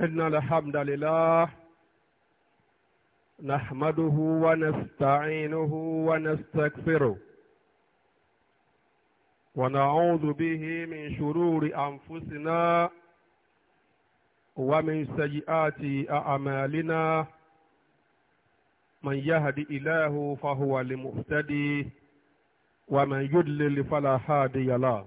إن الحمد لله نحمده ونستعينه ونستغفره ونعوذ به من شرور أنفسنا ومن سيئات أعمالنا من يهدي إله فهو لمهتدي ومن يدلل فلا هادي له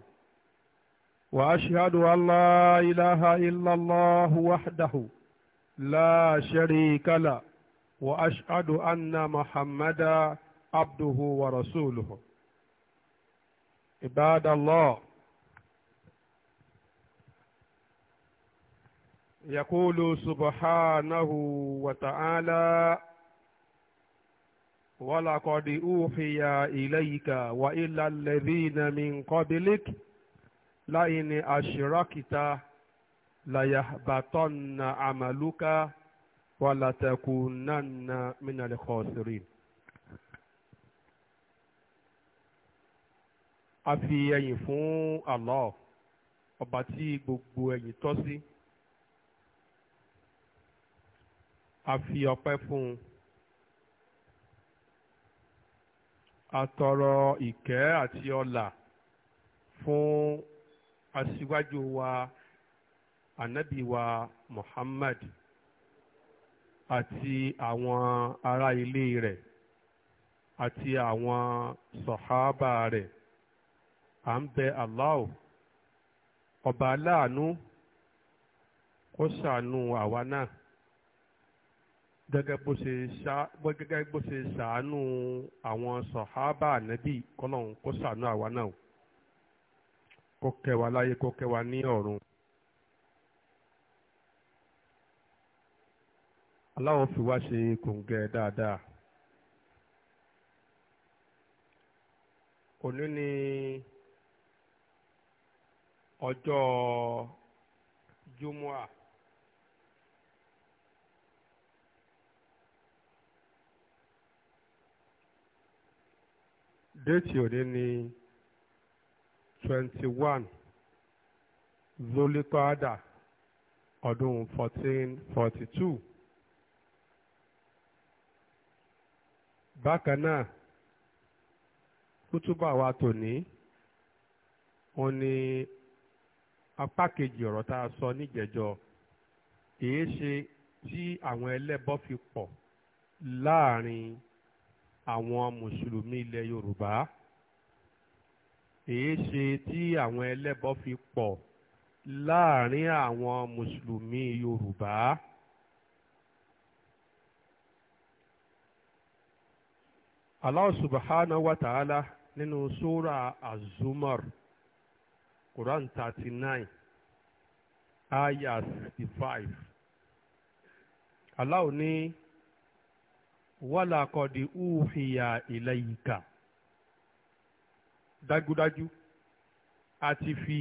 وأشهد أن لا إله إلا الله وحده لا شريك له وأشهد أن محمدا عبده ورسوله عباد الله يقول سبحانه وتعالى ولقد أوحي إليك وإلى الذين من قبلك láyìn àṣìrákìta làyàbàtọ́nà àmàlúkà wàlàtẹ̀kùnánà mínàlẹ̀ kọ̀ọ̀sìrì. a fi ẹ̀yìn fún Allah ọba tí gbogbo ẹ̀yìn tọ́ sí a fi ọpẹ́ fún un a tọrọ ìkẹ́ àti ọlà fún aṣíwájú wa anabi wa muhammad àti àwọn ará ilé rẹ̀ àti àwọn sọ̀hábà rẹ̀ à ń bẹ Allah ọba aláàánú kó ṣàánú àwa náà gẹ́gẹ́ bó ṣe ṣá gẹ́gẹ́ bó ṣe ṣàánú àwọn sọ̀hábà ànábì kọ́lọ́hún kó ṣàánú àwa náà kó kẹ́ wa láyé kó kẹ́ wa ní ọ̀run. aláwọ̀ fi wá ṣe kòǹgẹ́ dáadáa. òní ni ọjọ́ júmọ́à. déètì òní ni twenty one zolikada ọdún fourteen forty two bákan náà kútúbà wa tòní ó ní apá kejì ọ̀rọ̀ tá a sọ níjẹ̀jọ́ èé ṣe tí àwọn ẹlẹ́bọ fi pọ̀ láàrin àwọn mùsùlùmí ilẹ̀ Yorùbá. èéṣe tí àwọn ẹlẹ́bọ fi pọ̀ láàrin àwọn mùsùlùmí yorùbá. Allah subahana wa ta'ala nínú sura azumar quran thirty nine aya sixty five Allah ní wàlàkọ̀dì uhiya ilayka. dájúdájú a ti fi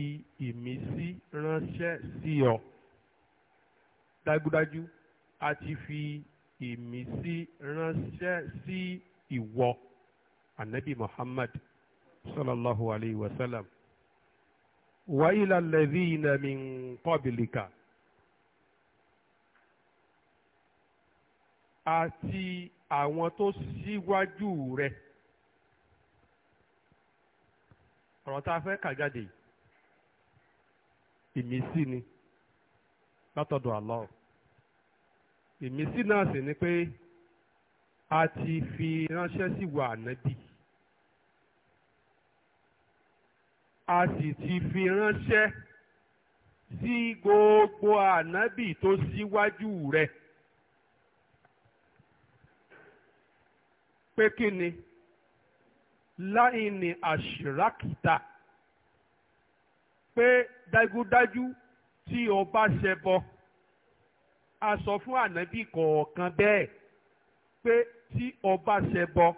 ìmísí ránṣẹ́ sí ọ dájúdájú a ti fi ìmísí ránṣẹ́ sí ìwọ anabi muhammad sallallahu alayhi wa sallam wa ila alladhina min qablika àti àwọn tó síwájú rẹ̀. ọ̀rọ̀ tá a fẹ́ kà jáde ìmísí ni látọ̀dọ̀ Allah ìmísí náà sì ni pé a ti fi ránṣẹ́ sí wa ànábì a sì ti fi ránṣẹ́ sí gbogbo ànábì tó síwájú rẹ̀ pé kí ni láìní àṣìrákìtà pé dájúdájú tí o bá ṣẹbọ a sọ fún ànábì kọ̀ọ̀kan bẹ́ẹ̀ pé tí o bá ṣẹbọ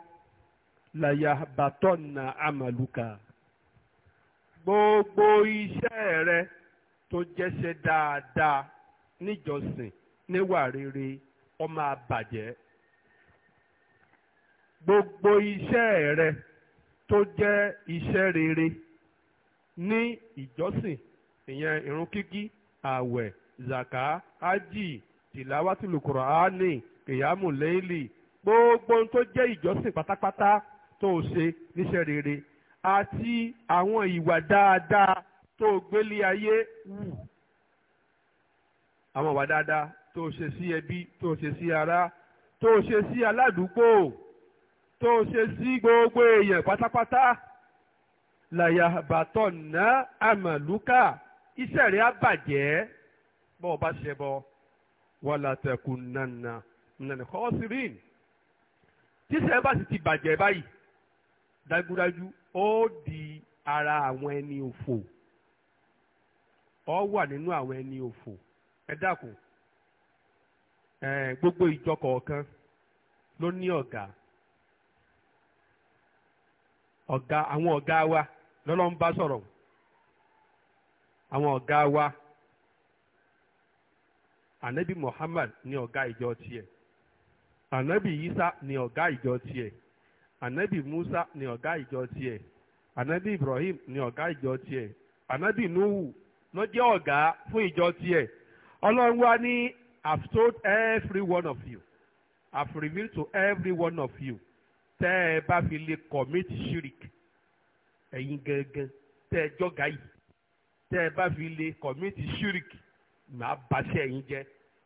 làyà bàtọ̀ nà àmàlùkà gbogbo iṣẹ́ rẹ tó jẹ́ṣẹ́ dáadáa níjọsìn níwà rere ó máa gbogbo iṣẹ́ rẹ tó jẹ́ iṣẹ́ rere ní ìjọsìn ìyẹn ìrun kíkí ààwẹ̀ zaka ájì tìláwátìlù kùránì kìyàmù lẹ́yìlì gbogbo ohun tó jẹ́ ìjọsìn pátápátá tó o ṣe níṣẹ́ rere àti àwọn ìwà dáadáa tó o gbélé ayé wù àwọn ìwà dáadáa tó o ṣe sí ẹbí tó o ṣe sí ará tó o ṣe sí aládùúgbò tó ṣe sí gbogbo èèyàn pátápátá làyà bàtọ̀ ná àmàlùkà iṣẹ́ rẹ̀ á bàjẹ́ bọ́ ọ bá ṣe bọ́ wà látẹ̀kù nànà nànà kọ́ sírín tíṣẹ́ bá sì ti bàjẹ́ báyìí dájúdájú ó di ara àwọn ẹni òfò ọ wà nínú àwọn ẹni òfò ẹ dákun gbogbo ìjọ kọ̀ọ̀kan ló ní ọ̀gá ọ̀gá àwọn ọ̀gá wa lọ́lọ́ ń bá sọ̀rọ̀ àwọn ọ̀gá wa ànábì Muhammad ni ọ̀gá ìjọ tiẹ̀ ànábì Isa ni ọ̀gá ìjọ tiẹ̀ ànábì Musa ni ọ̀gá ìjọ tiẹ̀ ànábì Ibrahim ni ọ̀gá ìjọ tiẹ̀ ànábì Nuhu ló jẹ́ ọ̀gá fún ìjọ tiẹ̀ ọlọ́run wa ní I've told every one of you have revealed to every one of you tẹ́ ẹ bá fi lè commit shirik ẹ̀yin gangan tẹ́ ẹ jọ́gà yìí tẹ́ ẹ bá fi lè commit shirik màá bàṣẹ́ ẹ̀yin jẹ́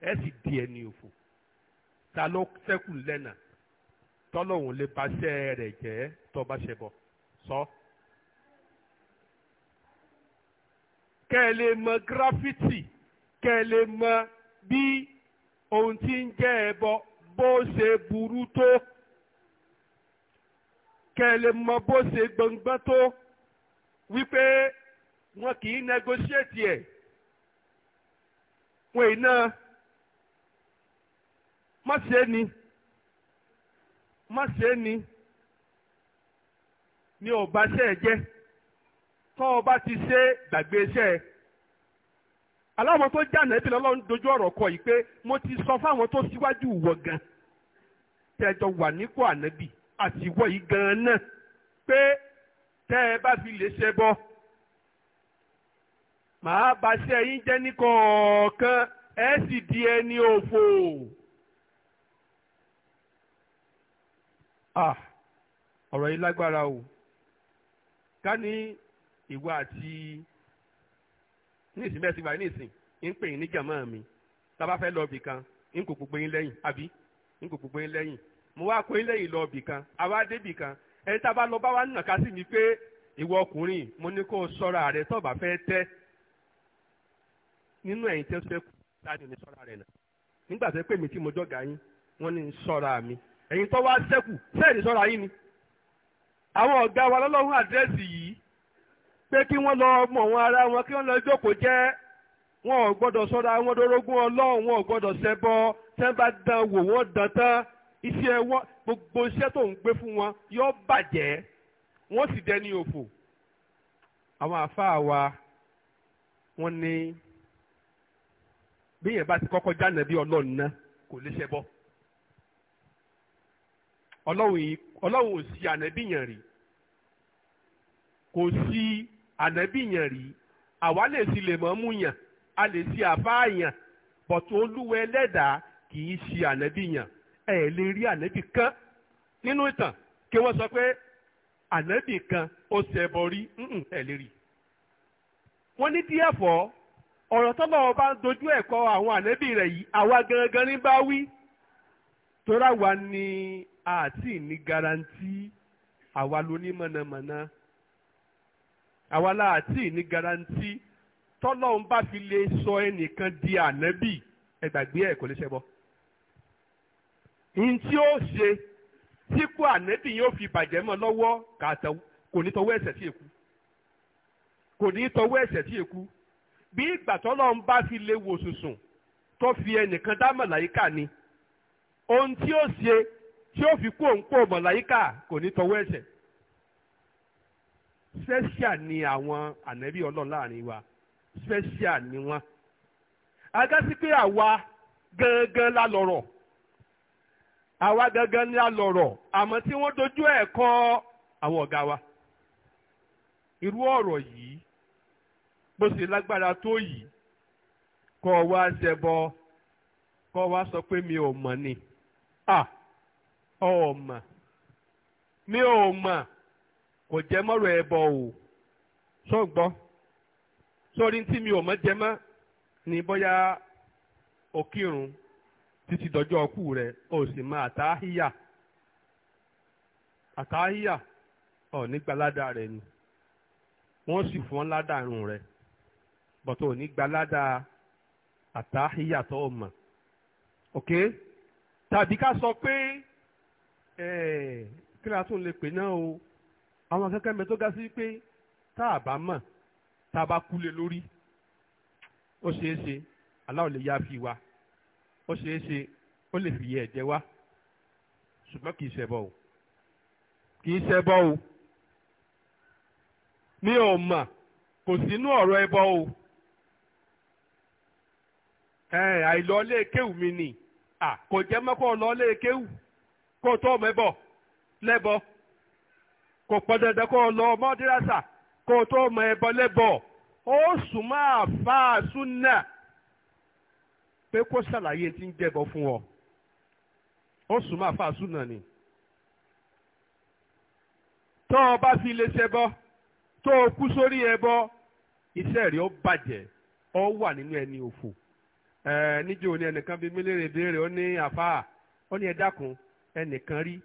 ẹ sì di ẹni òfò ta ló sẹ́kù lẹ́nà tọ́lọ́hún lè bàṣẹ́ rẹ̀ jẹ́ tó bá ṣe bọ̀ sọ. kẹ́ ẹ lè mọ gírafítì kẹ́ ẹ lè mọ bí ohun tí ń jẹ́ ẹbọ bó ṣe burú tó kẹ́ ẹ lè mọ bó ṣe gbọ̀ngbọ́n tó wípé wọn kì í negotiate ẹ̀ wọn ì náà má ṣe ni má ṣe ni ni ò bá ṣe ẹ jẹ́ tọ́ ọ bá ti ṣe gbàgbé iṣẹ́ ẹ aláwọn tó jà náà ẹbí lọ́lọ́run dojú ọ̀rọ̀ kọ yìí pé mo ti sọ fáwọn tó síwájú wọ̀ gan tẹ́jọ wà nípò ànábì àtiwọ́ yìí gan-an náà pé tẹ́ ẹ bá fi lè ṣe bọ́ màá baṣẹ́ yín jẹ́ ní kọ̀ọ̀kan ẹ sì di ẹni òfò. ọ̀rọ̀ yìí lágbára o ká ní ìwà àti ní ìsìn bẹ́ẹ̀ sì ń pè yín ní jàmáà mi tá a bá fẹ́ lọ ibì kan ń kò gbogbo yín lẹ́yìn àbí ń kò gbogbo yín lẹ́yìn mo wá kó ilé lọ bì kan àwa dé bì ẹni tá a bá lọ bá wa nà ká mi pé ìwọ ọkùnrin mo ní kó o sọ́ra rẹ tó bá fẹ́ tẹ́ nínú ẹ̀yìn tẹ́ fẹ́ kú ní sọ́ra rẹ nà nígbà tó pè mí tí mo yín mi tó wá sẹ́kù sọ́ra ni àwọn ọ̀gá wa yìí pé kí wọ́n lọ mọ̀ wọn ara wọn kí wọ́n lọ jókòó jẹ́ wọn ò gbọ́dọ̀ wọn ọlọ́run iṣẹ́ wọn gbogbo iṣẹ́ tó ń gbé fún wọn yóò bàjẹ́ wọ́n sì dẹni òfò àwọn àfáà wa wọ́n ní bí yẹn bá ti kọ́kọ́ jáde bí ọlọ́run náà kò lè ṣẹbọ ọlọ́run ò sí ànábì yẹn rí kò sí ànábì yẹn rí àwa lè sí lèmọ́mù yẹn a lè sí àfáà yẹn bọ̀tún olúwa kì í ṣe ànábì yẹn ẹ̀ lè rí ànábì kan nínú ìtàn kí wọ́n sọ pé ànábì kan ó ṣẹbọ rí ẹ̀ lè rí. wọ́n ní díẹ̀ fọ́ ọ̀rọ̀ tọ́lọ́ ọba dojú ẹ̀kọ́ àwọn ànábì rẹ̀ yìí àwa gangan ní bá wí tóra wa ni àti ní garanti àwa lóní mọ̀nàmọ́ná àwa láàtì ní garanti tọ́lọ́ ń bá fi lè sọ ẹnìkan di ànábì ẹgbàgbé ẹ̀ kò lè ṣẹbọ n tí ó ṣe tí kú ànẹ́bì yóò fi bàjẹ́ mọ́ lọ́wọ́ kò ní tọwọ́ ẹ̀ṣẹ̀ tí èkú kò ní tọwọ́ ẹ̀ṣẹ̀ tí èkú bí ìgbà tọ́lọ́run bá fi lè wò sùsùn tó fi ẹnìkan dá mọ̀láyíkà ni ohun tí ó ṣe tí ó fi kú òǹkó mọ̀láyíkà kò ní tọwọ́ ẹ̀ṣẹ̀ special ni àwọn ànẹ́bí ọlọ́run láàrin wa special ni wọ́n agásí pé àwa gangan la lọ̀rọ̀ àwa gangan ni a lọ̀rọ̀ àmọ́ tí wọ́n dojú ẹ̀ kọ́ àwọn ọ̀gá wa irú ọ̀rọ̀ yìí bó ṣe lágbára tó yìí kọ́ wa ṣẹbọ kọ́ wa sọ pé mi ò mọ̀ ni à ọ̀ mọ̀ mi ò mọ̀ kò jẹ́ mọ́rọ̀ ẹbọ o sọ gbọ́ tí mi ò mọ̀ jẹ́ títí dọjọ́ ọkù rẹ̀ ó sì máa àtàhíyà àtàhíyà ọ̀ nígbà ládàá rẹ̀ ni wọ́n sì fún ọ́ ládàá irun rẹ̀ bọ̀tọ̀ ò gba ládàá àtàhíyà tó o mọ̀ ok tàbí ká sọ pé kí la tún lè pè náà o àwọn akẹ́kẹ́ mi tó ga sí pé tá a bá mọ̀ tá a bá kú lé lórí ó ṣeé ṣe aláwọ̀ lè yá fi wa ó ṣeé ṣe ó lè fìyà ẹ̀jẹ̀ wá ṣùgbọ́n kì í ṣẹbọ o kì í ṣẹbọ o mi ò mà kò sínú ọ̀rọ̀ ẹbọ o àìlọ́lé kéwù mi nì kò jẹ́ mọ́kọ́ lọ́lé kéwù kó tó mẹ́bọ̀ lẹ́bọ kò pọ̀ dandan kó lọ mọ́dírásà kó tó mọ ẹbọ ó sùn máa fa súnà. pé kó ṣàlàyé tí ń jẹ́bọ fún ọ ó sùn máa fàásù náà ni tó o bá fi lè ṣẹbọ tó o kú sórí ẹbọ iṣẹ́ rẹ̀ ó bàjẹ́ ó wà nínú ẹni òfò ẹ níjó ni ẹnìkan bíi mílíọ̀nù ìbéèrè ó ní àfáà ó ní ẹ dákun ẹnìkan rí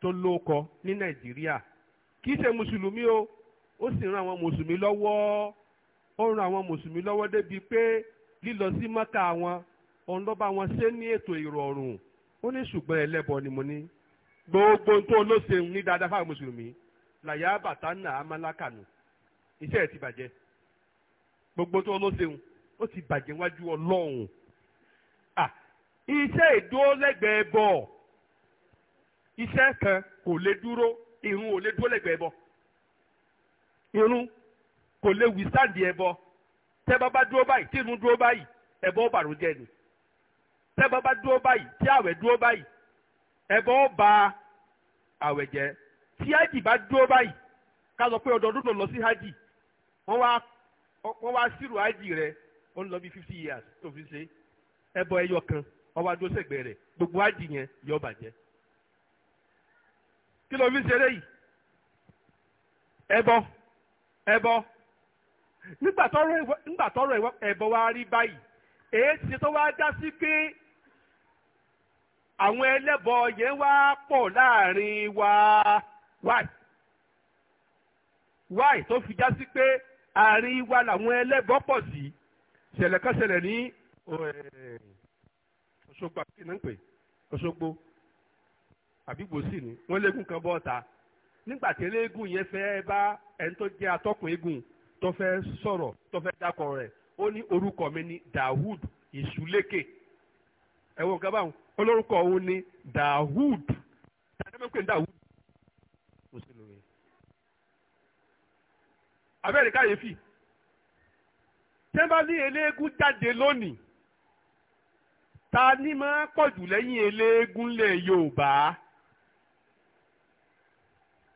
tó lóko ní nàìjíríà kì í ṣe mùsùlùmí o ó sì ran àwọn mùsùlùmí lọ́wọ́ ó ran àwọn mùsùlùmí lọ́wọ́ débi pé lílọ sí mọ́kà wọn òun ló bá wọn ṣe ní ètò ìrọ̀rùn ó ní ṣùgbọ́n ẹlẹ́bọ ni mo ní gbogbo tó ló ní dáadáa fáwọn mùsùlùmí làyà bàtà nà amálákànù iṣẹ́ ẹ̀ ti bàjẹ́ gbogbo tó ló ó ti bàjẹ́ wájú ọlọ́run iṣẹ́ ìdúró bọ̀ iṣẹ́ kan kò lè dúró irun ò lè lẹ́gbẹ̀ẹ́ bọ̀ irun kò lè wí tẹ́ bá tẹ́bọ bá dúró báyìí tí àwẹ̀ dúró báyìí ẹbọ ba àwẹ̀ jẹ́ tí hajj bá dúró báyìí ká pé ọdọọdún lọ sí hajj wọ́n wá wọ́n wá sírò rẹ̀ ó years tó fi ṣe ẹbọ ẹyọ kan wọ́n wá dúró sẹ́gbẹ̀ẹ́ gbogbo hajj yẹn yọ bàjẹ́ kí ló fi ṣeré yìí nígbà tọrọ rí báyìí èyí ti tó àwọn ẹlẹ́bọ yẹn wá pọ̀ láàrin wa why why tó fi já sí pé àárín wa làwọn ẹlẹ́bọ pọ̀ sí ṣẹlẹ̀ kan ṣẹlẹ̀ ní eh, Òṣogbo àti nàǹpẹ̀ Òṣogbo àbígbò sì ni wọ́n légún kan bọ́ ọ̀ta nígbà tí eléégún yẹn fẹ́ bá ẹni tó jẹ́ atọ́kùn eégún tó fẹ́ sọ̀rọ̀ tó fẹ́ dákọ̀ rẹ̀ ó ní orúkọ mi ní Dawud Ìṣúlékè ẹ̀wọ̀n nǹkan báwọn olórúkọ òun ni Dawud tàbí Dawud kò sí lóore abẹ́rẹ́ káyéfì tẹ́bá ní eléégún jáde lónìí ta ni máa pọ̀jù lẹ́yìn eléégún lẹ̀ Yorùbá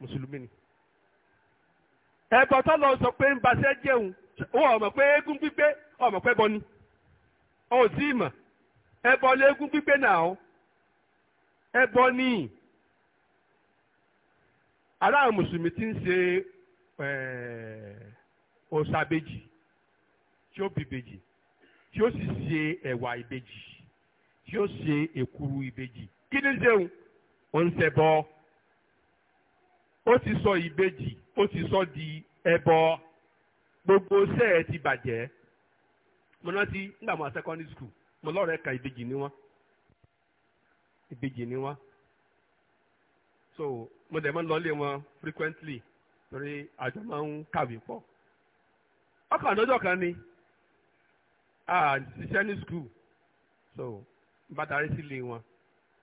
mùsùlùmí ni ẹbọ tó lọ sọ pé ń baṣẹ́ jẹun ó ọmọ pé eégún gbígbé ọmọ pẹ́ bọ ni ó sì mọ̀ ẹbọ léegun pípé náà ẹbọ ní aláwọn mùsùlùmí ti ń ṣe ọ̀sàbèjì eh, tí ó bìbèjì tí ó sì ṣe ẹ̀wà ìbejì tí ó ṣe èkuru ìbejì kí ni ṣeun ó ń ṣẹbọ ó ti sọ ìbejì ó ti sọ di ẹbọ gbogbo ṣẹ́ ẹ ti bàjẹ́ mo rántí nígbà mo wà secondary school mo lọ́rọ̀ ìbejì ni wọn ìbejì ni so mo dẹ̀ máa ń wọn frequently torí àjọ máa ń kàwé pọ̀ kan ni a ṣiṣẹ́ ní so n bá darí wọn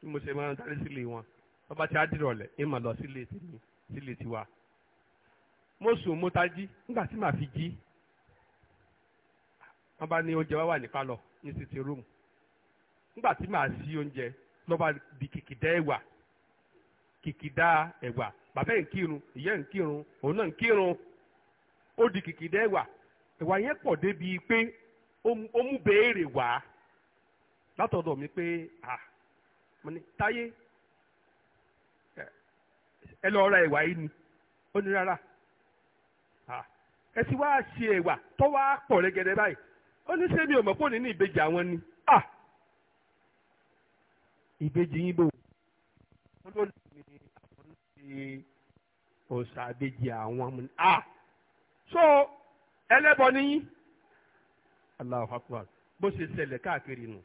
bí mo ṣe máa ń darí wọn bàbá tí a dìrọ̀lẹ̀ ẹ lọ sílé tèmi sílé tiwa mo sùn mo tají nígbà tí màá fi jí wọn bá ní oúnjẹ wá wà ní sitting room nígbà tí màá sí oúnjẹ lọ́ba di kìkìdá ẹ̀wà kìkìdá ẹ̀wà bàbá ẹ̀ ń kírun ìyá ẹ̀ ń kírun òun náà ń kírun ó di kìkìdá ẹ̀wà ẹ̀wà yẹn pọ̀ débi pé ó mú béèrè wá látọ̀dọ̀ mi pé à mo ní táyé ó ní sẹ́mi ò mọ̀ pé òní ní ìbejì àwọn ni à ìbejì yín bò wọ́n ló lè ní àwọn ní ṣe òòṣà ìbejì àwọn ni so ẹlẹ́bọ ni yín Allahu Akbar bó ṣe ṣẹlẹ̀ káàkiri nù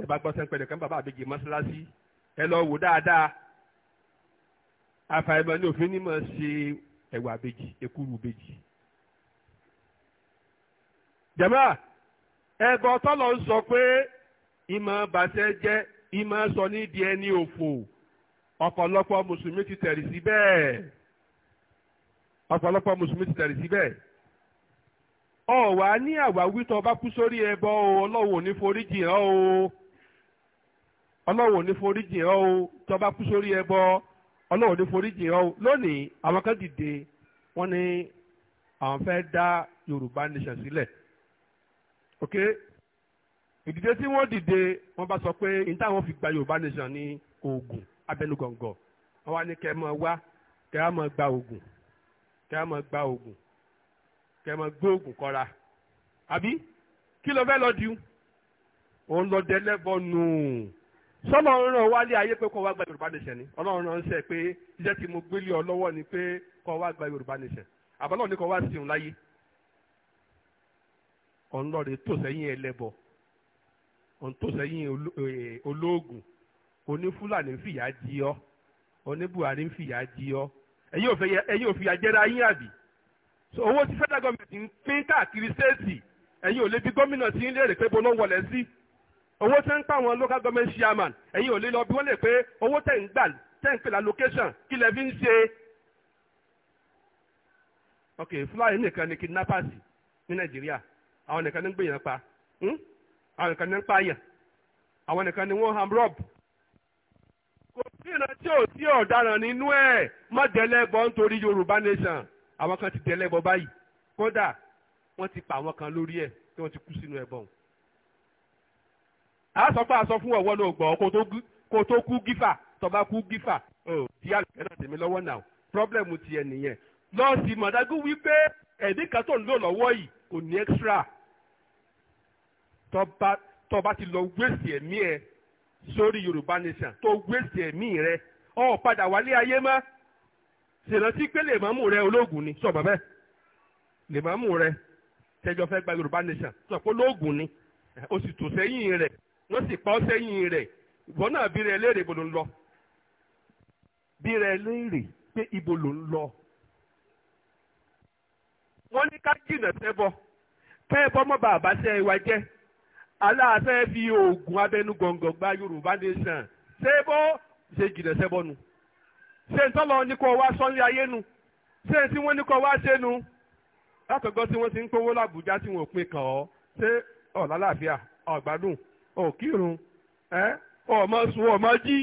ẹ bá gbọ́ sẹ́ńpẹ́ nìkan bàbá àbejì mọ́ṣáláṣí ẹ lọ wò dáadáa àfàìmọ̀ ní òfin ní mọ̀ ṣe ẹ̀wà àbejì èkúrú àbejì jàmáà ẹbọ tọ́lọ̀ ń sọ pé ìmọ̀ bàtẹ́ jẹ́ ìmọ̀ sọ ní di ẹni òfò ọ̀pọ̀lọpọ̀ mùsùlùmí ti tẹ̀rì sí bẹ́ẹ̀ ọ̀pọ̀lọpọ̀ mùsùlùmí ti tẹ̀rì sí bẹ́ẹ̀ ọ̀wá ní àwáwí tó bá kú sórí ẹbọ o ọlọ́wọ́ ní foríjì hàn o ọlọ́wọ́ ní foríjì hàn o tó bá kú sórí ẹbọ ọlọ́wọ́ ní foríjì hàn o lónìí àwọn kan dìde wọ́n ní àwọn fẹ́ dá Yorùbá nation sílẹ̀. Si ok ìdìde tí wọ́n dìde wọ́n bá sọ pé ní táwọn fi gba yorùbá nation ní oògùn abẹnugọ̀ngọ̀ wọ́n wá ní kẹ́ ẹ máa wá kẹ́ ẹ máa gba oògùn kẹ́ ẹ máa gba oògùn kẹ́ ẹ máa gbé oògùn kọ́ra àbí kí ló fẹ́ lọ di òun lọ dẹ lẹ́bọ̀ nù sọlọ ń ràn wálé ayé pé kó wá gba yorùbá nation ni ọlọ́run ràn ṣe pé iṣẹ́ tí mo gbélé ọ lọ́wọ́ ni pé kó wá gba yorùbá nation àbọ̀lọ́ọ̀ ni kó wá sí òun láyé ọ̀nlọ́rẹ̀ tò sẹ́yìn ẹlẹ́bọ ọ̀ntò sẹ́yìn olóògùn onífúlàní ń fìyà jí ọ oníbuhari ń fìyà jí ọ ẹ̀yin ò fìyà jẹ́ra yín àbí so owó tí federal government ń pín káàkiri stéètì ẹ̀yin ò lè bí gómìnà tí ń léèrè pé bọ́lá ń wọlé sí owó tẹ́ ń pa àwọn local government chairman ẹ̀yin ò lè lọ bí wọ́n lè pé owó tẹ́ ń gbà tẹ́ ń pè la location kí lẹ fi ń ṣe ok fúlàní nìkan ni kidnappers ní nàìjíríà àwọn nìkan ní ń gbìyàn pa hmm? àwọn nìkan ní ń pààyàn àwọn nìkan ní wọ́n ham rob. kò sí ìran tí ò sí ọ̀daràn nínú ẹ̀ má dẹ́lẹ́bọ nítorí Yorùbá nation àwọn kan ti dẹ́lẹ́bọ báyìí kódà wọ́n ti pa àwọn kan lórí ẹ̀ tí wọ́n ti kú sínú ẹbọ ọ̀hún. a sọ pé a sọ fún ọ̀wọ́ náà gbọ́ kó tó kú gífà tó kú gífà di àlùkẹ́ náà tèmi lọ́wọ́ náà problem tiẹ̀ nìyẹn lọ́ọ̀sì mọ̀dágún wípé ẹ̀mí tó ń lò lọ́wọ́ yìí kò ní extra tọba tọba ti lọ wéṣì ẹ̀mí ẹ sórí yorùbá nation tó wéṣì ẹ̀mí rẹ ọ padà wálé ayé mọ́ ṣèrántí pé lèmọ́mù rẹ ológun ni sọ bàbẹ́ lèmọ́mù rẹ tẹjọ fẹ́ gba yorùbá nation sọ pé ológun ni o sì tò sẹ́yìn rẹ̀ wọ́n sì pa ọ́ sẹ́yìn rẹ̀ ìwọ náà bí rẹ léèrè ibo ló ń lọ bí rẹ léèrè pé ibo ló ń lọ wọ́n ní ká jìnà sẹ́bọ̀ kẹ́ ẹ bọ́ mọ́ bàbá sẹ́ ẹ wá aláàfẹ́ fi oògùn abẹnú gọ̀ǹgọ̀ gba yorùbá nation ṣébó ṣe jìnnà ṣẹbọnu ṣé ń tọ́lọ ní kó wá sọ́nlé ayé nu ṣé ń tí wọ́n ní kó wá ṣe nu látọ̀gọ́ tí wọ́n ti ń kówó làbújá tí wọ́n pin kàn ọ́ ṣé ọ̀ lálàáfíà ọ̀ gbádùn ọ̀ kírun ẹ́ ọ̀ mọ sùn ọ̀ mọ jí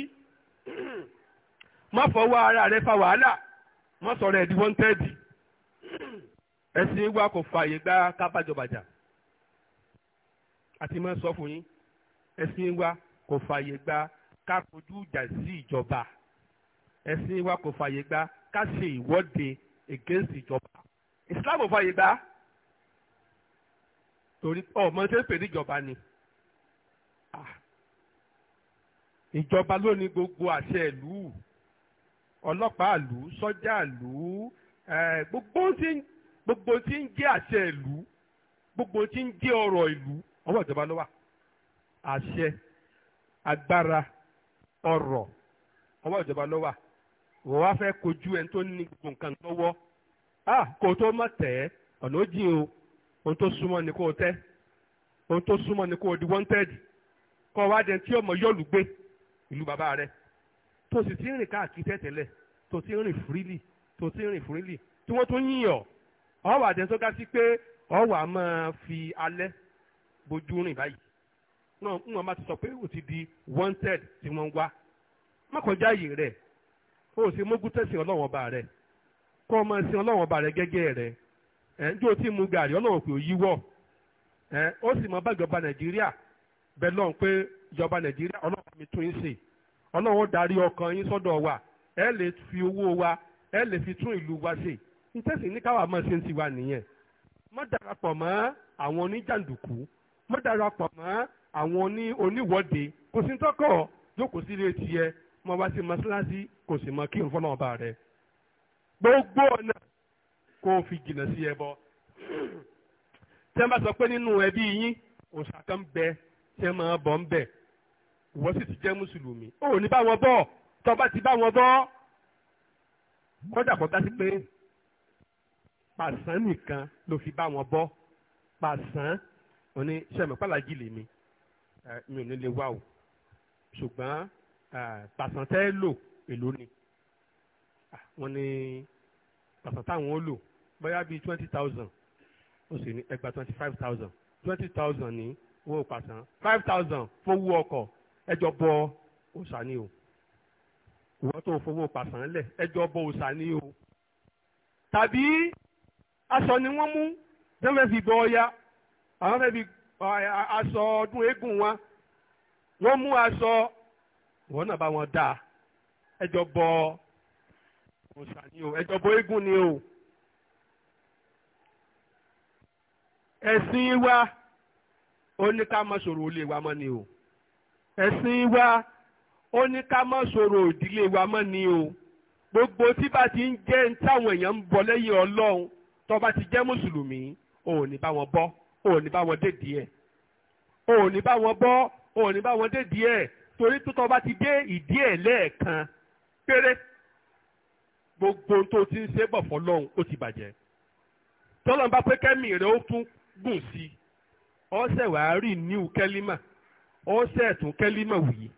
má fọwọ́ ara rẹ fa wàhálà má sọ̀rọ̀ ẹ̀ di wọ́ntẹ́ẹ̀dì ẹ̀sìn wa kò fààyè gba kábàjọbàjà àti máa sọ fún yín ẹ̀sìn wa kò fààyè gba ká kojú ìjà sí ìjọba ẹ̀sìn wa kò fààyè gba ká ṣe ìwọ́de against ìjọba Islam ò fààyè gba torí ọmọ ṣe ń pè ní ìjọba ni ah. ìjọba ló ní gbogbo àṣẹ ìlú ọlọ́pàá ìlú sọ́jà ìlú eh, gbogbo tí ń jẹ́ àṣẹ ìlú gbogbo tí ń jẹ́ ọ̀rọ̀ ìlú ọwọ́ ìjọba ló wà àṣẹ agbára ọ̀rọ̀ ọwọ́ ìjọba ló wà wọ́n wá fẹ́ kojú ẹni tó ní gbogbo nǹkan lọ́wọ́ à kò tó má tẹ̀ ẹ́ ọ̀nà ó jìn o ohun tó súnmọ́ ni kò tẹ́ ohun tó súnmọ́ ni kò di wanted kọ́ wá dẹni tí ọmọ yọ̀lù gbé ìlú bàbá rẹ̀ tó sì ti ń rìn káàkiri tẹ́tẹ̀lẹ̀ tó ti ń rìn freely tó ti ń rìn freely tí wọ́n tún yíyàn ọ̀wà dẹni tó ga sí pé ọ̀wà máa fi alẹ́ bójú rìn báyìí náà ń wọn bá ti sọ pé o ti di wanted tí wọ́n ń wá má kọjá ààyè rẹ̀ o sì mógún tẹ̀sìn ọlọ́wọ́n ọba rẹ̀ kọ́ ọmọ ẹ̀sìn ọlọ́wọ́n ọba rẹ̀ gẹ́gẹ́ rẹ̀ ẹ̀ ń jó tí mu gàrí ọlọ́wọ́n pé ó yíwọ́ ẹ̀ ó sì mọ báyìí ọba nàìjíríà bẹ́ẹ̀ lọ́n pé ìjọba nàìjíríà ọlọ́wọ́n mi tún ń sè ọlọ́wọ́n darí ọkàn yín sọ́dọ̀ wa ẹ lè fi owó wa ẹ lè fi tún ìlú wa ṣe ntẹ́sìn ní káwa máa ṣe tiwa nìyẹn má darapọ̀ mọ́ àwọn oníjàǹdùkú má darapọ̀ mọ́ àwọn oní oníwọ́de kò sí tọ́kọ̀ jókòó sílé tiẹ̀ mọ wá sí mọ́ṣáláṣí kò sì mọ kí n fọ́nà ọba rẹ̀ gbogbo ọ̀nà kó o fi jìnnà sí ẹbọ tẹ́ bá sọ pé nínú ẹbí yín òòṣà kan bẹ tẹ́ máa bọ̀ ń bẹ̀ wọ́n sì ti jẹ́ mùsùlùmí ó ní bá wọn bọ̀ tọba ti bá wọn bọ́ kọ́dà kọ́dà sí pé pàṣán nìkan ló fi bá wọn bọ́ pàṣán ó ní sẹ́mi pàlàjì lèmi mi ò ní le wá o ṣùgbọ́n pàṣẹntẹ́ lò èlò ni wọ́n ní pàṣẹntẹ́ àwọn ó lò bóyá bíi twenty thousand ó sì ní ẹgbàá twenty five thousand twenty thousand ní owó pàṣán five thousand fowó ọkọ̀ ẹjọ́ bọ òòṣà ni o ìwọ́n tó fowó pàṣán lẹ̀ ẹjọ́ bọ òòṣà ni o tàbí aṣọ ni wọ́n mú tẹ́lẹ̀ fi bọ ọya àwọn fẹ́ fi aṣọ ọdún eégún wọn wọ́n mú aṣọ wọn náà bá wọn dà ẹjọ bọ òòṣà ni o ẹjọ bọ eégún ni o ẹ̀sìn wa ó ní ká má sọ̀rọ̀ olè wa mọ́ ni o ẹ̀sìn wa ó ní ká má sọ̀rọ̀ ìdílé wa mọ́ ni o gbogbo tí bá ti ń jẹ́ ń táwọn èèyàn ń bọ lẹ́yìn ọlọ́run tó bá ti jẹ́ mùsùlùmí ò ní bá wọn bọ́ ò ní bá wọn dé díẹ̀ ò ní bá wọn bọ́ ò ní bá wọn dé díẹ̀ torí tó bá ti dé ìdí ẹ̀ lẹ́ẹ̀kan péré gbogbo tó ti ń ṣe bọ̀ fọlọ́hún ó ti bàjẹ́ tọ́lọ́n bá pé kẹ́mì rẹ̀ ó tún gùn sí i ọ̀sẹ̀ wàá rí níwù kẹ́límà ọ̀sẹ̀ tún kẹ́límà wì í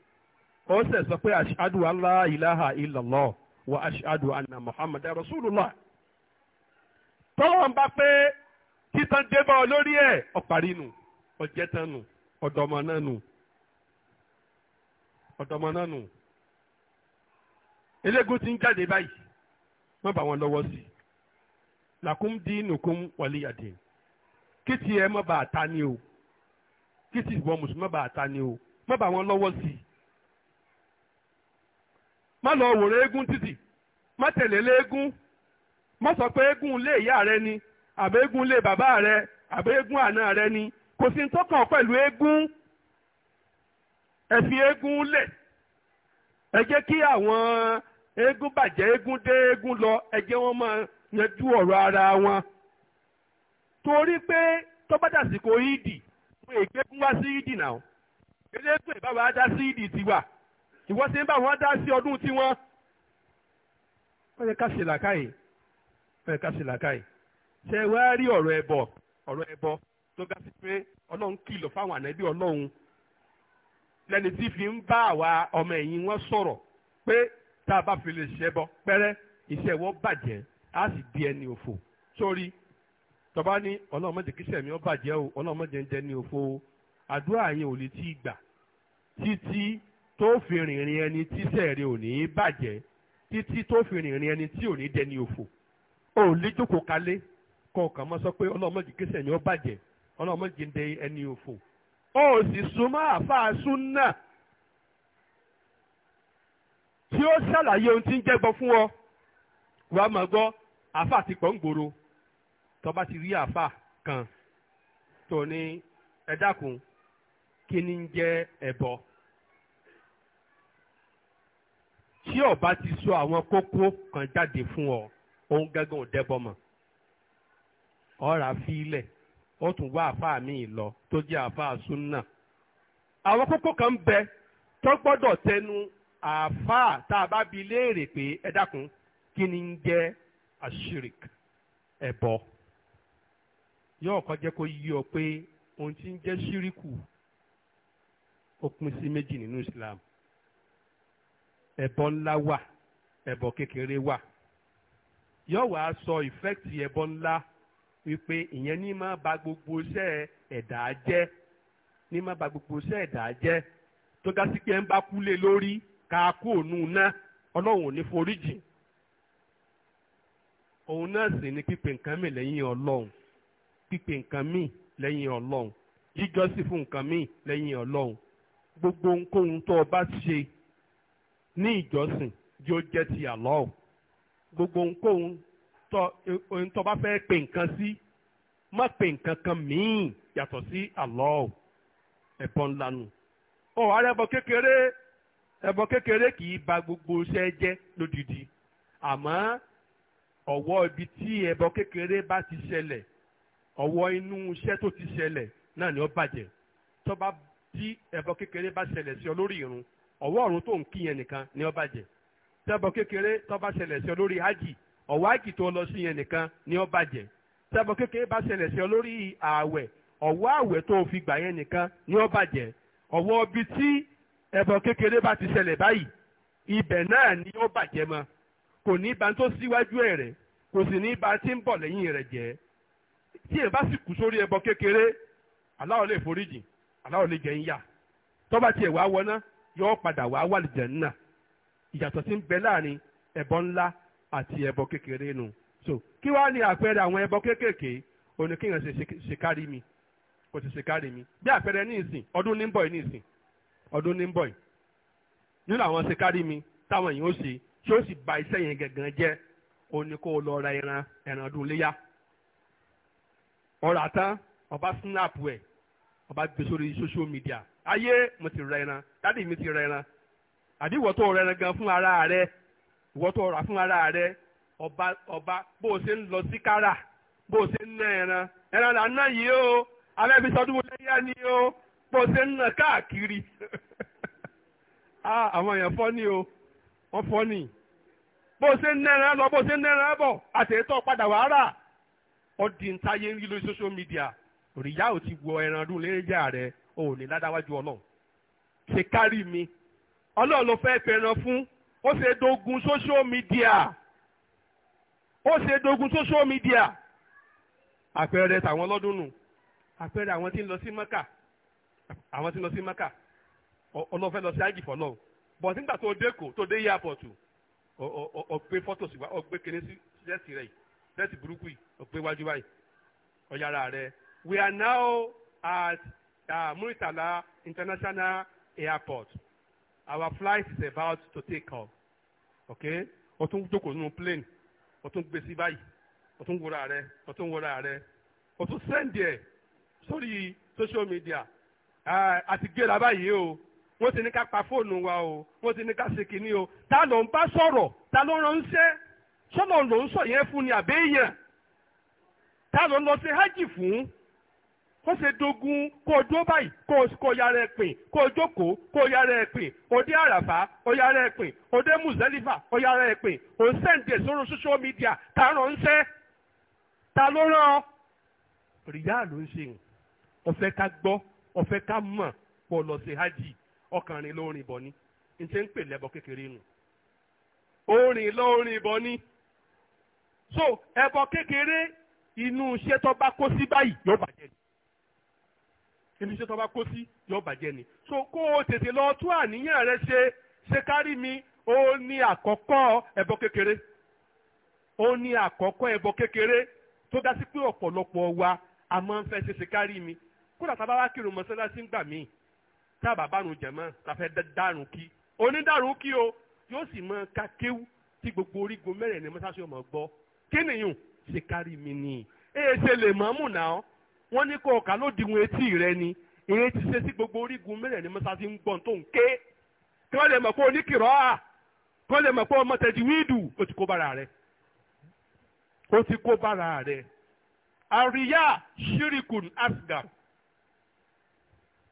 ọ̀sẹ̀ sọ pé aṣáájú aláìláha illallah wa aṣáájú anna muhammadu rasulullah tọ́lọ́n bá pé títàn débọ̀ lórí ẹ̀ ọ̀parí nù ọ̀jẹ̀ tán nù ọ̀dọ̀mọ̀ náà nù ọ̀dọ̀mọ̀ náà nù eléegun ti ń jáde báyìí má bà wọn lọ́wọ́ sí i làkún dín nìkún wọlé àdé kí tiẹ̀ má bà ta ni o kí tí ìwọ mùsùlùmí má bà ta ni o má bà wọn lọ́wọ́ sí i má lọ wòrán eégún títì má tẹ̀lé léégún má sọ pé eégún lé ìyá rẹ ni àbẹ́gùn lé bàbá rẹ àbẹ́gùn àna rẹ ni kò sí tọkàn pẹ̀lú eégún ẹ fi eégún lẹ̀ ẹ jẹ́ kí àwọn eégún bàjẹ́ eégún dé eégún lọ ẹ jẹ́ wọ́n máa yanjú ọ̀rọ̀ ara wọn torí pé tọ́bátàsíkò ídì wọn èké ń wá sí ídì náà eléèkó ìbáwá dá sí ídì tiwa ìwọ́n ti ń bá wọn dá sí ọdún tiwọn wọ́n yẹ ká ṣe làákàyè wọ́n yẹ ká ṣe làákàyè ṣe wá rí ọ̀rọ̀ ẹbọ ọ̀rọ̀ ẹbọ tó ga sí pé ọlọ́run kìlọ̀ fáwọn ànábì ọlọ́run lẹ́ni tí fi ń bá àwa ọmọ ẹ̀yìn wọn sọ̀rọ̀ pé tá a bá fi lè ṣẹbọ pẹ́rẹ́ iṣẹ́ wọ́n bàjẹ́ á sì di ẹni òfò sórí tọba ní ọlọ́run má jẹ́ kíṣẹ́ mi ó bàjẹ́ o ọlọ́run má jẹ́ ń dẹni òfò o àdúrà yẹn ò lè tí gbà títí tó fi rìnrìn ẹni tí sẹ́ẹ̀rì ò bàjẹ́ títí tó fi rìnrìn ẹni tí ò dẹni òfò ò lè jókòó kalẹ̀ kọ̀ọ̀kan mọ́ sọ pé ọlọ́mọ jì kí sẹ̀yìn ó bàjẹ́ ọlọ́mọ jì ń de ẹni òfò ó sì súnmọ́ àfáà súnà tí ó ṣàlàyé ohun tí ń jẹ́gbọ́ fún ọ wàá máa gbọ́ àfáà ti pọ̀ ń gbòòrò tó bá ti rí àfáà kan tó ní ẹ kí ni ń jẹ́ ẹbọ tí ó ti sọ àwọn kókó kan jáde fún ọ òun gángan ò dẹ́bọ mọ́ ọ̀rà fílẹ̀ ó tún wá àfáà míì lọ tó jẹ́ àfáà súnà. àwọn kókó kan ń bẹ tó gbọ́dọ̀ tẹnu àfáà tá a bá bi léèrè pé ẹ dákun kí ni ń jẹ́ àṣírík ẹ̀bọ. yóò kọ́ jẹ́ kó yí ọ pé ohun tí ń jẹ́ ṣíríkù ó pín sí méjì nínú Islam ẹ̀bọ ńlá wà ẹ̀bọ kékeré wà yóò wá sọ ìfẹ́ẹ̀tì ẹ̀bọ ńlá wípé ìyẹn ní máa ba gbogbo iṣẹ́ ẹ̀dá jẹ́ ní máa ba gbogbo iṣẹ́ ẹ̀dá jẹ́ tó ga sí pé ẹ ń bá kú lé lórí ká kú òun náà ọlọ́run ò ní foríjì òun náà sì ni pípe nǹkan mi lẹ́yìn ọlọ́run pípe nǹkan mi lẹ́yìn ọlọ́run jíjọ́sìn fún nǹkan mi lẹ́yìn ọlọ́run gbogbo ohunkóhun tó o bá ṣe ní ìjọsìn yóò jẹ́ ti Allah gbogbo ohunkóhun tọ ohun tó bá fẹ́ pè nǹkan sí má pè nǹkan kan míì yàtọ̀ sí Allah ẹ̀bọ ńlá nu. ó ara ẹbọ kékeré ẹbọ kékeré kì í ba gbogbo iṣẹ́ jẹ́ lódìdí àmọ́ ọ̀wọ́ ibi tí ẹbọ kékeré bá ti ṣẹlẹ̀ ọ̀wọ́ inú iṣẹ́ tó ti ṣẹlẹ̀ náà ni ó bàjẹ́ tó bá tí ẹbọ kékeré bá ṣẹlẹ̀ sí ọ lórí irun ọ̀wọ́ ọ̀run tó ń kí yẹn nìkan ni ó bàjẹ́ tẹ́bọ kékeré tó bá ṣẹlẹ̀ sí ọ lórí hájì ọ̀wá ìkìtọ́ lọ sí yẹn nìkan ni ó bàjẹ́ tẹ́bọ kékeré bá ṣẹlẹ̀ sí ọ lórí ààwẹ̀ ọ̀wọ́ ààwẹ̀ tó fi gbà yẹn nìkan ni ó bàjẹ́ ọ̀wọ́ ibi tí ẹbọ kékeré bá ti ṣẹlẹ̀ báyìí ibẹ̀ náà ni ó bàjẹ́ mọ́ kò ní ba tó síwájú ẹ̀ rẹ̀ kò sì ní ba tí ń bọ̀ lẹ́yìn rẹ̀ jẹ́ tí ẹ bá sì kú sórí ẹbọ kékeré aláwọ̀ lè foríjì aláwọ̀ lè jẹ́ yà tó bá tiẹ̀ wá wọná yọ padà wá wàlìjẹ̀ ńnà ìyàtọ̀ tí ń bẹ láàrin ẹbọ ńlá àti ẹbọ kékeré nù so kí wàá ní àpẹẹrẹ àwọn ẹbọ kéékèèké òní kéèyàn ṣe ṣèkárí mi kò sì ṣèkárí mi bí àpẹẹrẹ ní ìsìn ọdún ní ń bọ̀ ní ìsìn ọdún ní ń bọ̀ nínú àwọn ṣèkárí mi táwọn èèyàn ó ṣe tí ó sì ba iṣẹ́ yẹn gẹ̀gàn jẹ́ òní kó lọ ra ẹran ẹran ọdún léyà ọ̀rọ̀ àtán ọba snap ẹ̀ ọba gbé sórí social media ayé mo ti ra ẹran dádì mi ti ra ẹran àdìwọ̀ tó ra ẹran gan fún ara rẹ̀ ìwọ tó rà fún ara rẹ ọba ọba bó o ṣe ń lọ sí kára bó o ṣe ń ná ẹran ẹran là ń ná yìí o alẹ́ sọdún léyà ni o bó o ṣe ń ná káàkiri ah, àwọn èèyàn fọ́ ni o wọ́n fọ́ ni bó o ṣe ń ná ẹran lọ bó o ṣe ń ná ẹran bọ̀ àtẹ̀tọ̀ padà wàá rà ọdì ń táyé ń rí lórí social media òrìyá ò ti wọ ẹran ọdún léyà rẹ o ò ọlọ́run ṣe kárí mi ọlọ́run ló fẹ́ fẹ́ràn fún ó ṣe dogun social media ó ṣe dogun social media àpẹẹrẹ tàwọn lọ́dún nù àpẹẹrẹ àwọn tí ń lọ sí mẹ́kà àwọn tí ń lọ sí mẹ́kà ọlọ́fẹ́ lọ sí àjìfọ́ lọ́wọ́ bọ̀ nígbà tó dé tó dé yíyàpọ̀tù ọ̀gbẹ́ fọ́tò sí wa ọ̀gbẹ́ kéré sí lẹ́sì rẹ̀ lẹ́sì burúkú yìí ọ̀gbẹ́ wájú báyìí ọ̀yàrá rẹ̀ we are now at uh, Muritala International Airport our flight is about to take off ok o tún jókòó nínú plane o tún gbé sí báyìí o tún wúra rẹ o tún wúra rẹ o tún sẹ́ndì ẹ̀ sórí social media àti gbéra báyìí o wọ́n ti ní ká pa fóònù wa o wọ́n ti ní ká ṣe kínní o ta ló ń bá sọ̀rọ̀ ta ló ránṣẹ́ sọ́nà ló ń sọ yẹn fún ni àbẹ́yẹn ta ló ń lọ sí hajj fún ó ṣe dogun kó o dúró báyìí kó o yára ẹ pìn kó o jókòó kó o yára ẹ pìn òde àràfà ó yára ẹ pìn òde muzalifa ó yára ẹ pìn ò ń sẹ́ǹdẹ̀ sórí social media tá a rán ṣẹ́ ta ló rán ọ. rìyá ló ń ṣe hàn ọ̀fẹ́ ká gbọ́ ọ̀fẹ́ ká mọ̀ pọ̀ lọ sí hajj ọkànrin ló rìn ni n ṣe ń pè lẹ́bọ̀ kékeré nù orin lọ́rin bọ̀ ni so ẹbọ kékeré inú iṣẹ́ tó bá kó sí báyìí yóò bàjẹ́ ni ibi iṣẹ́ tó bá kó sí yóò bàjẹ́ ni so kó o tètè lọ tún àníyàn rẹ ṣe ṣe kárí mi ó ní àkọ́kọ́ ẹbọ kékeré ó ní àkọ́kọ́ ẹbọ kékeré tó dá sí pé ọ̀pọ̀lọpọ̀ wa a máa ń fẹ́ ṣe ṣe kárí mi kódà tá a bá wá kírun mọ́sálásí ń gbà míì tá a bá bá rùn jẹ̀mọ́ la fẹ́ dárun kí onídàrún kí o yóò sì mọ ká kéwú tí gbogbo orígun mẹ́rẹ̀ẹ̀rin mọ́sálásí ọmọ gbọ́ kí ṣe kárí mi ni èyí ṣe lè mọ́ mùnà ọ́ wọ́n ní kó ọ̀kà ló dìgun etí rẹ ni ìyẹn ti ṣe sí gbogbo orígun mẹ́rẹ̀ ni mọ́sá ti ń gbọ́n tó ń ké kí wọ́n lè mọ̀ pé oníkìrọ́ à kí wọ́n lè mọ̀ pé ọmọ tẹ̀jú wíìdù ó ti kó bára rẹ̀ ó ti kó bára rẹ̀ àríyá shirikun asgar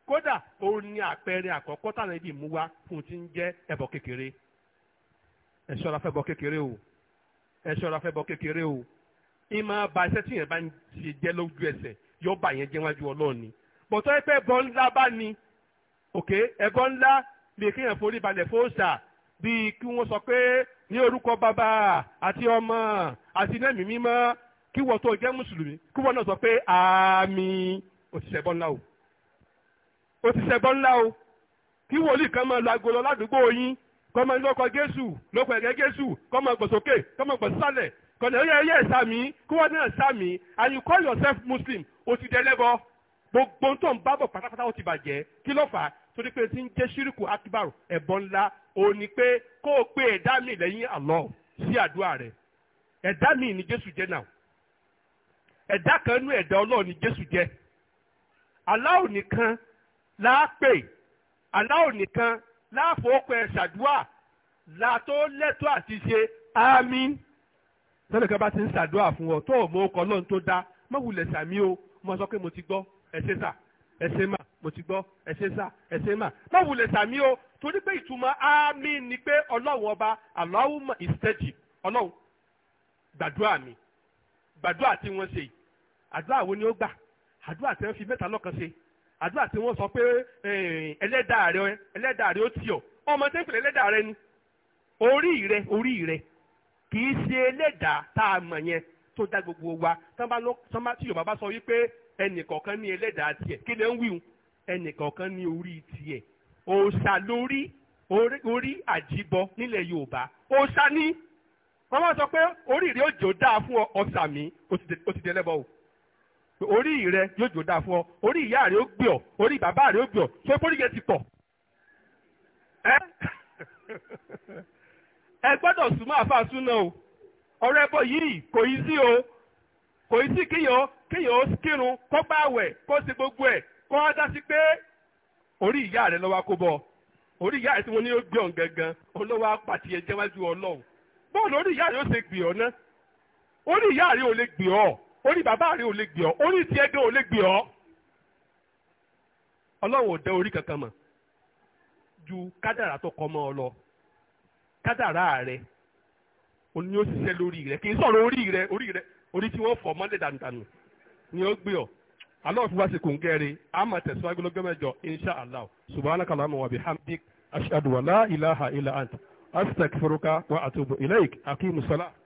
kódà òun ni àpẹẹrẹ àkọ́kọ́ tàbí ibi mú wá fún ti ń jẹ́ ẹbọ kékeré ẹ ṣọ́ra fẹ́ bọ kékeré o ẹ ṣọ́ra fẹ́ bọ kékeré o ìmọ̀ bá iṣẹ́ bá ń ṣe jẹ́ lójú ẹsẹ̀ yóò bà yẹn jẹ́ wájú ọlọ́run ni bọ̀tọ́ ẹ pé ẹbọ ńlá bá ni òkè ẹbọ ńlá lè kéèyàn forí balẹ̀ fóòṣà bíi kí wọ́n sọ pé ní orúkọ bàbá àti ọmọ àti nẹ́ẹ̀mí mímọ́ kí wọ́n tó jẹ́ mùsùlùmí kí wọ́n náà sọ pé àmì òṣìṣẹ́ ẹbọ ńlá o òṣìṣẹ́ ẹbọ ńlá o kí wòlíì kan máa lo aago lọ ládùúgbò yín kọ́ máa lọ́kọ̀ jésù lọ́kọ̀ ẹ̀gẹ́ jésù kọ́ máa gbọ̀sókè kọ́ máa gbọ̀sálẹ̀ kọ̀nà ẹ̀yẹ ẹ̀yẹ sàmì kí wọ́n náà sàmì and you call yourself muslim o ti dẹlẹ́bọ gbogbo tó ń bábọ̀ pátápátá ó ti bàjẹ́ kí ló fà á torí pé ti ń jẹ́ ṣíríkù akíbarù ẹ̀bọ ńlá o ní pé kó o pé ẹ̀dá mi lẹ́yìn Allah sí àdúrà rẹ̀ ẹ̀dá mi ni Jésù jẹ́ náà ẹ̀dá kan nú ẹ̀dá Ọlọ́run ni Jésù jẹ́ Allah nìkan láàpè Allah nìkan láàfọwọ́pẹ́ ṣàdúrà làtó lẹ́tọ́ àti ṣe àmín tọ́lẹ̀kẹ́ bá ti ń ṣàdúrà fún ọ tó o mọ ọkọ̀ Ọlọ́run tó dá mọ̀wulẹ̀ sàmí o mo sọ pé mo ti gbọ́ ẹ ṣé sà ẹ ṣé mà mo ti gbọ́ ẹ ṣé sà ẹ ṣé mà má wulẹ̀ sàmí o torí pé ìtumọ̀ àmì ni pé ọlọ́run ọba aláwùmọ̀ ìsẹ́jì ọlọ́run gbàdúrà mi gbàdúrà tí wọ́n ṣe àdúrà wo ni ó gbà àdúrà tí wọ́n fi mẹ́ta lọ́kàn ṣe àdúrà tí wọ́n sọ pé ẹlẹ́dàá rẹ ẹlẹ́dàá rẹ ó tì ọ́ ọmọ tẹ́ ń pèlè ẹlẹ́dàá rẹ ni orí rẹ orí rẹ kì í ṣe ẹlẹ́dàá tá a mọ̀ yẹn tó dá gbogbo wa tí yorùbá bá sọ wípé ẹnìkọ̀ọ̀kan ní ẹlẹ́dàá tiẹ̀ kí ló ń wí ẹnìkọ̀ọ̀kan ní orí tiẹ̀ òòṣà lórí orí àjíbọ nílẹ̀ yorùbá òòṣà ni wọ́n máa sọ pé orí rẹ yóò jò dáa fún ọ̀sà mi ó ti dẹ́lẹ́bọ̀ o orí rẹ yóò jò dáa fún ọ orí ìyá rẹ ó gbé ọ orí bàbá rẹ ó gbé ọ ṣé bórí yẹn ti pọ̀ ẹ gbọ́dọ̀ súnmọ́ àfàsúná o ọ̀rọ̀ ẹbọ yìí kò í sí o kò í sí kéèyàn kéèyàn kírun kó bá àwẹ̀ kó ṣe gbogbo ẹ̀ kó wá dá sí pé orí ìyá rẹ̀ lọ́wọ́ kó bọ̀ orí ìyá rẹ̀ tí wọ́n ní ó gbé ọ̀n gangan olówó apàtì ẹ̀ jẹ́wájú ọlọ́run bọ́ọ̀lù orí ìyá rẹ̀ ó ṣe gbì ọ́ ná orí ìyá rẹ̀ ò lè gbì ọ́ orí bàbá rẹ̀ ò lè gbì ọ́ orí tiẹ̀ gan ò lè gbì ọ́ ọlọ́run ò dẹ orí kankan mọ̀ ju kádàrà tó kọ́ mọ́ ọ lọ kádàrà rẹ̀ ó ní ó ṣiṣẹ́ lórí rẹ̀ kì í sọ̀rọ̀ orí rẹ̀ orí rẹ̀ orí tí wọ́n fọ̀ mọ́lẹ̀ dànùdànù ni ó gbé ọ aláwọ̀ fún wa ṣe kún gẹ́rẹ́ a tẹ̀síwájú lọ́jọ́ mẹ́jọ insha allah subhanaka allahumma wa bihamdik ashhadu wa la ilaha illa anta astaghfiruka wa atubu ilaik akimu salah.